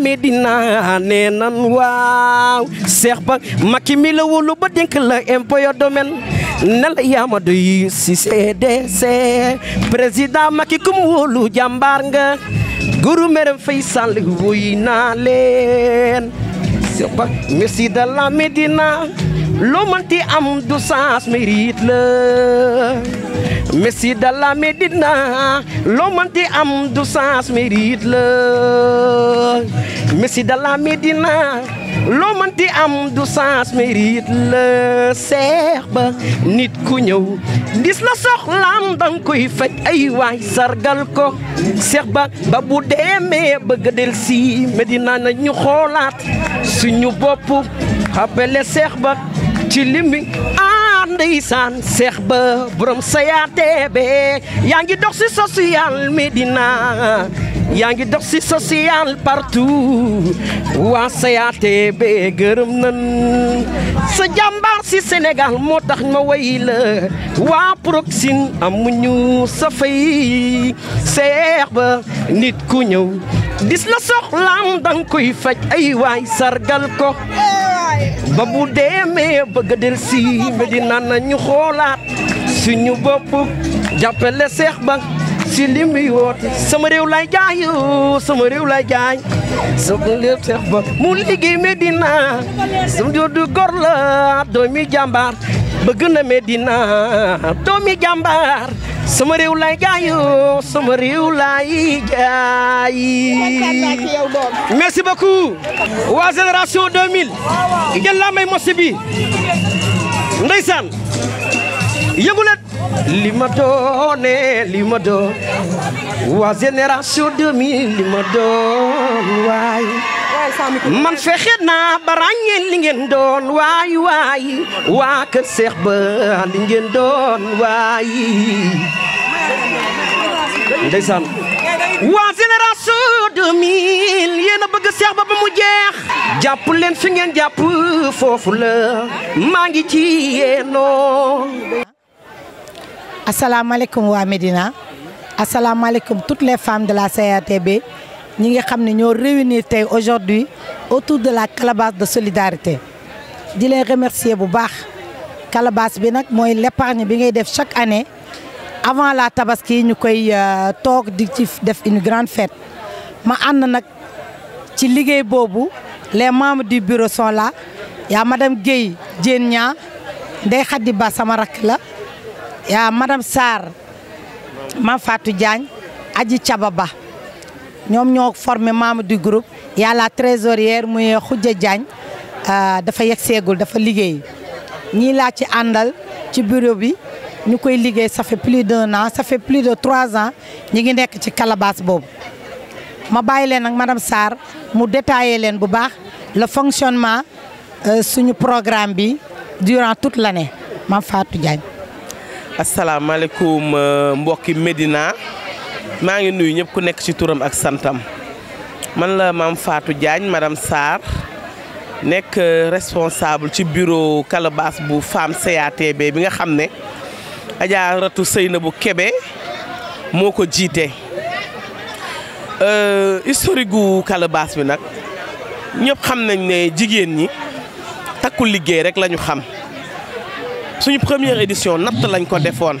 Medina nee nan waaw seex ba Macky mi la wóolu ba dénk la impôt yo domaine ne la yaama doy si CDC président Macky ku mu wóolu jàmbaar nga guru merem fay sàll wuy naa leen seex ba merci de la Medina loo mënti am du sens mérite la Messi de la Médina loo mënti am du sens mérite la Messi de la Médina loo mënti am du sens mérite la seex ba nit ku ñëw gis la soxlaam dang koy faj ay waay sargal ko seex ba ba bu demee bëgg del si Médina na ñu xoolaat suñu bopp xappale seex ba ci limbi bi cheikh ba borom sayate be yaangi dox ci social medina yaangi dox ci social partout wa sayate be geureum nan sa jambar si Senegal motax ma way la wa proxine amuñu sa fay cheikh ba nit ku ñew dis la soxlam dang koy fajj ay way sargal ko ba bu demee bëgg a del si Medina nañu xoolaat suñu bopp jàppale seex ba si li muy woote sama réew lay jaay oh, sama réew lay jaay sama réew seex ba mu liggéey Medina sama joodu gor la doomi jàmbaar bëgg na Medina doomi jàmbaar sama réew laay gaayoo sama réew laay gaay merci beaucoup waa génération 2000 ngeen laa may mos bi ndeysaan yënguleen li ma doone li ma doon waa génération 2000 li ma doon waay man fexe naa ba ràññee li ngeen doon way way wa ke Seex ba li ngeen doon way ndeysaan wa génération 2000 yena a bëgg seex ba ba mu jeex japp leen fi ngeen japp fofu la ma ngi ci yeno assalamu alaykum wa medina assalamu alaykum toutes les femmes de la CATB Nous sommes réunis aujourd'hui autour de la calabasse de solidarité Je leen remercier bu baax calabasse bi l'épargne chaque année avant la tabaski nous euh, avons une grande fête ma ànd nag les membres du bureau sont là Il madame a Mme ñaa Djenya, de Il y la Mme madame Sarr Mame Fatou Diagne Adji ñoom ñoo formé membre du groupe yàlla trésorière muy Khoudia Diagne euh, dafa yegg seegul dafa liggéey ñii laa ci àndal ci bureau bi ñu koy liggéey ça fait plus d'un an ça plus de trois ans ñi ngi nekk ci calebasse boobu ma bàyyi leen nag madame Sarr mu détaillé leen bu baax le fonctionnement euh, suñu programme bi durant toute l'année Mame Fatou Diagne asalaamaaleykum euh, mbokki Médina maa ngi nuyu ñëpp ku nekk ci turam ak santam man la maam Fatou jaañ madame Sarr nekk euh, responsable ci bureau calebasse bu femme CATB bi nga xam ne Adja Ratu bu Kébé moo ko jiite euh, historique gu calebasse bi nag ñëpp xam nañ ne jigéen ñi takkul liggéey rek lañu xam suñu première édition natt lañ ko defoon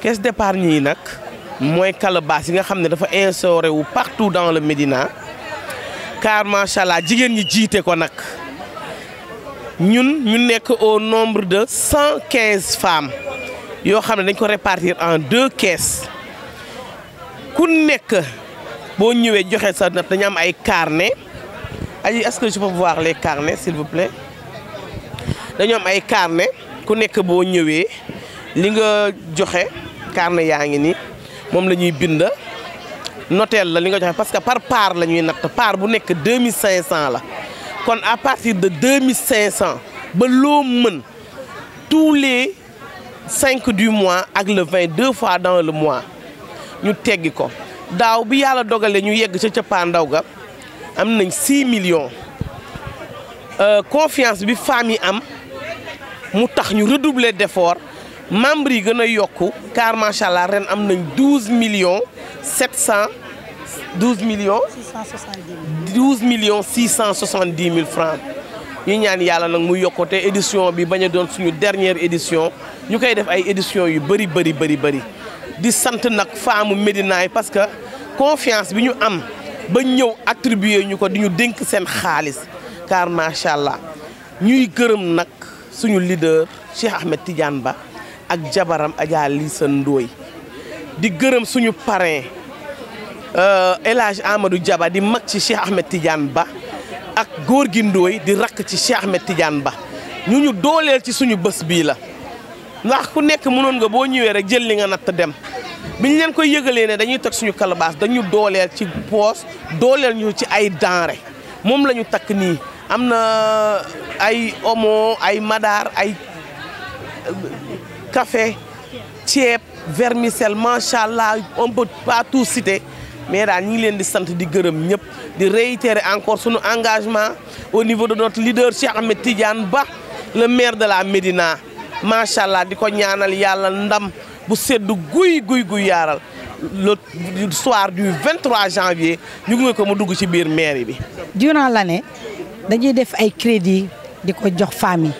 caisse d'épargne c'est moins que yi nga xamné dafa partout dans le Médina car macha vous ñi ko nak ñun au nombre de 115 femmes yo xamné répartir en deux caisses ku nek bo ñëwé sa am ay carnet est-ce que je peux voir les carnets s'il vous plaît dañu am ay carnet ku nek bo carnet yaa ngi nii moom la ñuy bind noteel la li nga joxe parce que par part lañuy nat par bu nek 2500 la kon à partir de 2500 ba lo meun tous les 5 du mois ak le 20 deux fois dans le mois ñu teggi ko daaw bi yalla dogalé ñu yegg ca cappaandaw ga am nañ 6 millions euh, confiance bi fami am mu tax ñu redoubler d'effort membre yi gën a yokku car macha allah ren am nañ douze millions sept cent douze millions. six millions six cent soixante dix mille francs ñu ñaan yàlla nag mu yokkute édition bi bañ doon suñu dernière édition ñu koy def ay édition yu bëri bëri bëri bëri di sant nag faamu Médina yi parce que confiance bi ñu am ba ñëw attribuer ñu ko di ñu dénk seen xaalis car macha allah ñuy gërëm nag suñu leader Cheikh Ahmed Tidiane Ba. ak jabaram Adja Lissa Ndoye di gërëm suñu parrain euh, El Hadj Amadou Diaba di mag ci Cheikh Ahmed Tidiane Ba ak góor gi Ndoye di rakk ci Cheikh Ba ñu ñu dooleel ci suñu bés bii la ndax ku nekk mënoon nga boo ñëwee rek jël li nga natt dem bi ñu leen koy yëgalee ne dañuy teg suñu kalabaas dañu dooleel ci poos dooleel ñu ci ay denrée moom la ñu takk nii am na ay omo ay madaar ay café thiep, vermicelle manchallah, on peut pas tout citer mais il ñi a leen di sant di gërëm ñëpp réitérer encore son engagement au niveau de notre leader Ahmed Tidiane le maire de la Médina Machallah, allah di ko ñaanal yàlla ndam bu le soir du 23 janvier ñu ngi ko mu dugg ci biir maire durant l'année dañuy def ay crédit de notre jox famille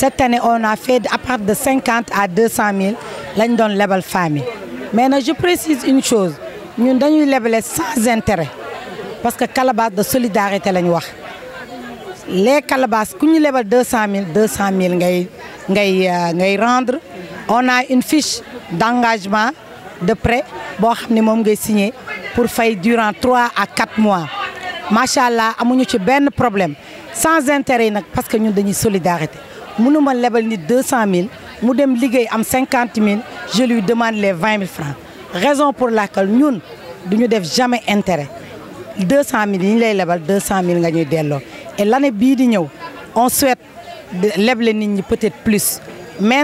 cette année, on a fait à partir de 50 à 200 000, nous donne label famille. Maintenant, je précise une chose, nous donnons label sans intérêt, parce que calabasse de solidarité, nous les calabas, quand nous avons 200 000, 200 000, nous rendre. On a une fiche d'engagement de prêt bon, pour faire durant 3 à 4 mois Machallah, nous avons ci un problème sans intérêt parce que nous dañuy solidarité. Munuma lebel ni 200 000, mudem ligay am 50 000, je lui demande les 20 000 francs. Raison pour laquelle nous ne devons jamais intérêt. 200 000, il a est lebel 200 000 gagné d'elle. Et l'année bidigno, on souhaite lebel ni peut-être plus. Mais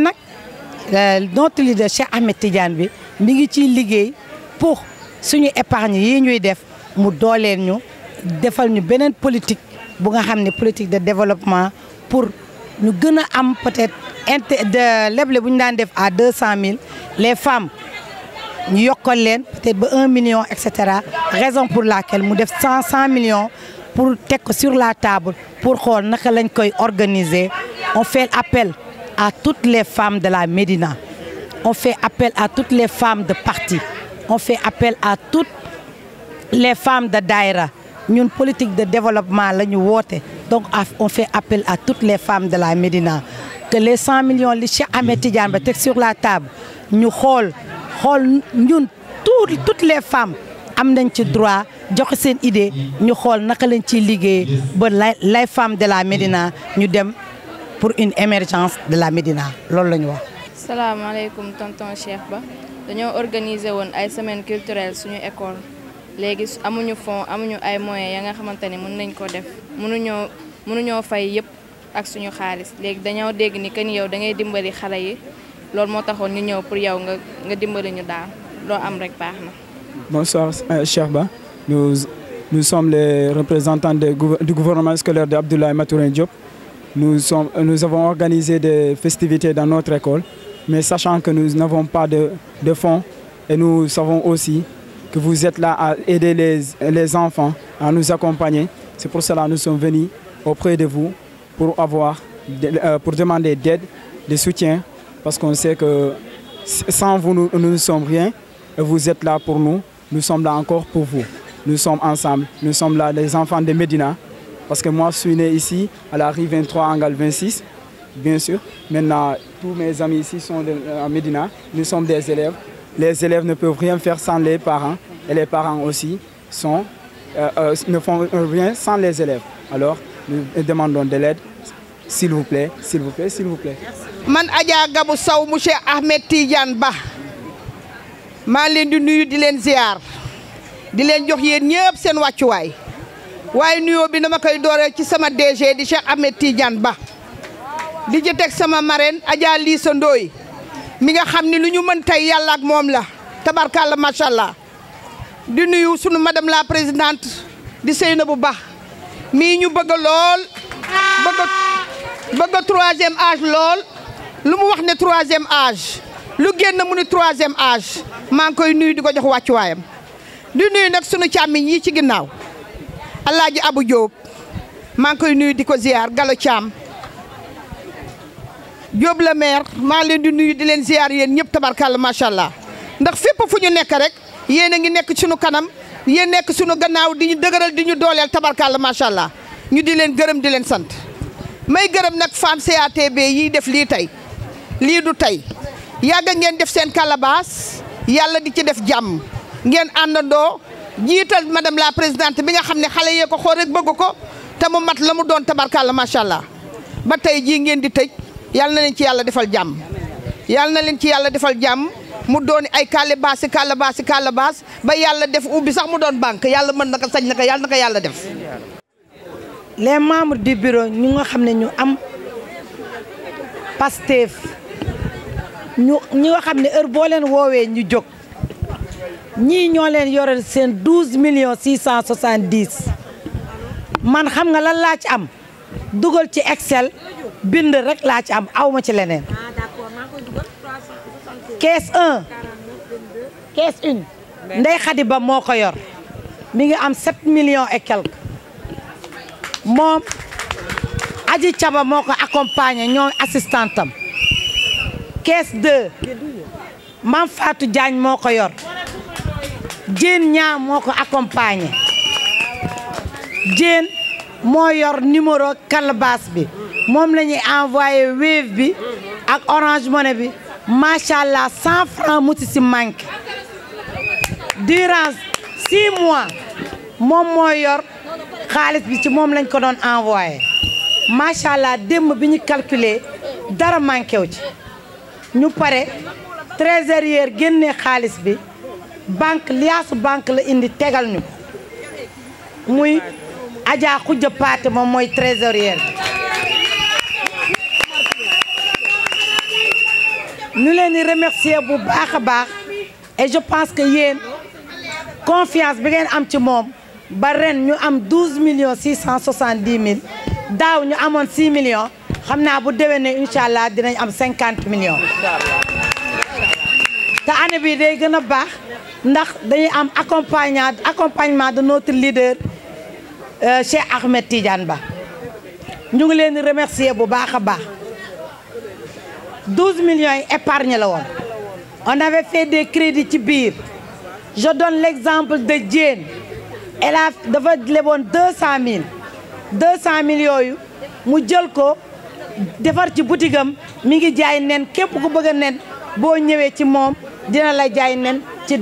euh, notre leadership a metté janvier, migiti ligay pour soigner épargne, y nous def, mudolé nous, défendre une politique, bonga politique de développement pour nous avons peut-être de à 200 000 les femmes ñu avons peut-être million etc. raison pour laquelle nous avons 100 millions pour sur la table pour xol naka lañ organiser on fait appel à toutes les femmes de la Médina on fait appel à toutes les femmes de parti on fait appel à toutes les femmes de daïra une politique de développement donc on fait appel à toutes les femmes de la Médina que les 100 millions li Cheikh Ahmed Tidiane sur la table Nous xool que ñun tout toutes les femmes am le ci droit joxe une idée ñu xol naka lañ ci liggé ba femmes de la Médina ñu dem pour une émergence de la Médina nous lañ wax salam salaamaaleykum tonton Cheikh Ba dañoo organiser won ay semaines culturelles suñu école léegi amuñu fonds amuñu ay moyens ya nga xamante mën nañ ko def mënuñoo mënuñoo fay yëpp ak suñu xaaliss léegi dañoo dégg ni que yow da ngay dimbali xalé yi lool mo taxone ñu ñëw pour yow nga nga dimbali ñu daal loo am rek baax na. Bonsoir euh, Cheikh Ba nous nous sommes les représentants de, du gouvernement scolaire de Abdoulaye Maturin Diop nous sommes nous avons organisé des festivités dans notre école mais sachant que nous n'avons pas de de fonds et nous savons aussi que vous êtes là à aider les, les enfants, à nous accompagner. C'est pour cela que nous sommes venus auprès de vous pour, avoir, euh, pour demander d'aide, de soutien, parce qu'on sait que sans vous, nous, ne sommes rien. vous êtes là pour nous, nous sommes là encore pour vous. Nous sommes ensemble, nous sommes là les enfants de Médina, parce que moi, je suis né ici, à la rue 23, Gal 26, bien sûr. Maintenant, tous mes amis ici sont euh, à Médina, nous sommes des élèves, les élèves ne peuvent rien faire sans les parents et les parents aussi sont, euh, euh, ne font rien sans les élèves. Alors, nous demandons de l'aide, s'il vous plaît, s'il vous plaît, s'il vous plaît. man Adia Gabou Sow mu Ahmed Tidiane Ba maa leen di nuyu di leen ziar di leen jox yéen ñëpp seen wàccuwaay waaye nuyoo bi dama koy dooree ci sama DG di Cheikh Ahmed Tidiane Ba di ci teg sama marraine Adja Lissa Ndoye mi nga xam ni lu ñu mën tey yàlla moom la tabarkàlla macha allah di nuyu sunu madame la présidente di bu Ba mii ñu bëgg lool bëgg bëgg troisième âge lool lu mu wax ne troisième âge lu génn mu ni troisième âge maa ngi koy nuyu di ko jox wàccuwaayam di nuyu nag sunu càmmiñ yi ci ginnaaw Alaaji Abu Diop maa ngi koy nuyu di ko ziar Galo Thiam Diop la maa leen di nuyu di leen ziar yéen ñëpp tabarkàlla macha allah ndax fépp fu ñu nekk rek yéen a ngi nekk suñu kanam yéen nekk suñu gannaaw di ñu dëgëral di ñu dooleel tabarkàlla macha allah ñu di leen gërëm di leen sant may gërëm nag femme CATB yiy def lii tey lii du tey yàgg ngeen def seen calebasse yàlla di ci def jàmm ngeen àndandoo jiital madame la présidente bi nga xam ne xale yee ko xool rek bëgg ko te mu mat la mu doon tabarkàlla macha allah ba tey jii ngeen di tëj. yal na leen ci yàlla defal jàmm yal na leen ci yàlla defal jàmm mu doon ay calebasse si calebasse si calebasse ba yàlla def ubbi sax mu doon banque yàlla mën na ko sañ na ko yàlla na ko yàlla def. les membres di bureau ñu nga xam ne ñu am Pastef ñu ñi nga xam ne heure boo leen woowee ñu jóg ñii ñoo leen yoreel seen douze millions six cent soixante-dix man xam nga lan laa ci am dugal ci Excel. bind rekk laa ci am awma ci leneen. ah d'accord maa koy moo ko yor. mi ngi am 7 millions et quelque. moom Aji Caba moo ko accompagner ñoo assistante am. caisse 2. Mam Fatou moo ko yor. Diène ñaa moo ko accompagner. Diène moo yor numéro calebasse bi. mom lañuy envoyer envoyé bi ak Orange Money bi machallah durant six mois mon envoyé yor bi ci mom lañ ko don envoyé machallah dem nous calculer dara manqué wu ci ñu trésorier la indi tégal ñu muy trésorier ñu leen di remercier bu baax a baax et je pense que yéen confiance bi ngeen am ci moom ba ren ñu am 12 millions 670 mille daaw ñu amoon 6 millions xam naa bu déwénee incha allah dinañ am million millions. te année bi day gën a baax ndax dañuy am accompagnement accompagnement de notre leader euh, Cheikh Ahmed Tidiane Ba ñu ngi leen di bu baax a baax. 12 millions épargnés on avait fait des crédits ci je donne l'exemple de Jane. elle a dafa 200 200000 millions millions. mu jël ko defar ci boutique mi ngi a nen nen dina la nen ci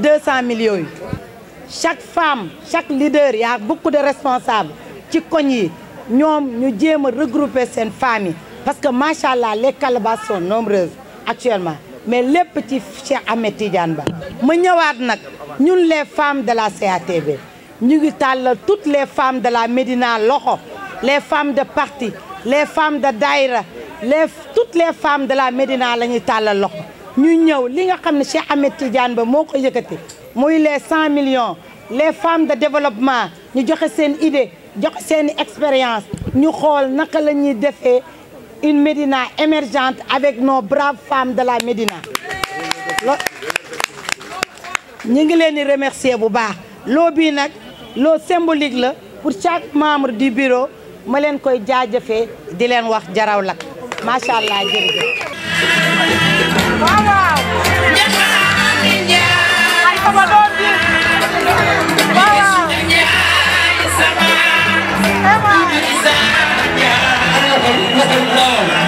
chaque femme chaque leader y a beaucoup de responsables qui koñ Nous, nous ñu regrouper cette famille parce que, machallah, les calabas sont nombreuses actuellement. Mais les petits Cheikh Ahmed Tidiane Ba. Nous, les femmes de la C.A.T.V., nous toutes les femmes de la Médina Loho, les femmes de parti, les femmes de Daïra, les, toutes les femmes de la Médina Loho. Nous sommes les femmes de Cheikh Ahmed Tidiane Ba, les 100 millions, les femmes de développement, nous avons une idée, nous avons une expérience, nous avons une une Médina émergente avec nos braves femmes de la Médina Nous ngi remercier bu symbolique pour chaque membre du bureau Je vous remercie. di jaraw lak Logan Lowe.